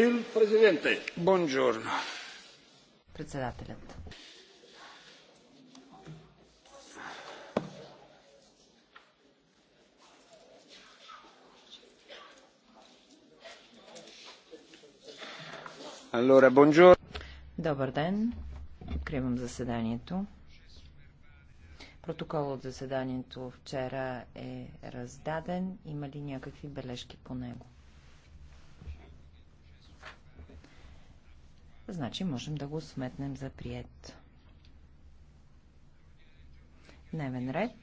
Presidente. Buongiorno. Председателят. Allora, buongiorno. Добър ден. Откривам заседанието. Протокол от заседанието вчера е раздаден. Има ли някакви бележки по него? значи можем да го сметнем за прият. Дневен ред.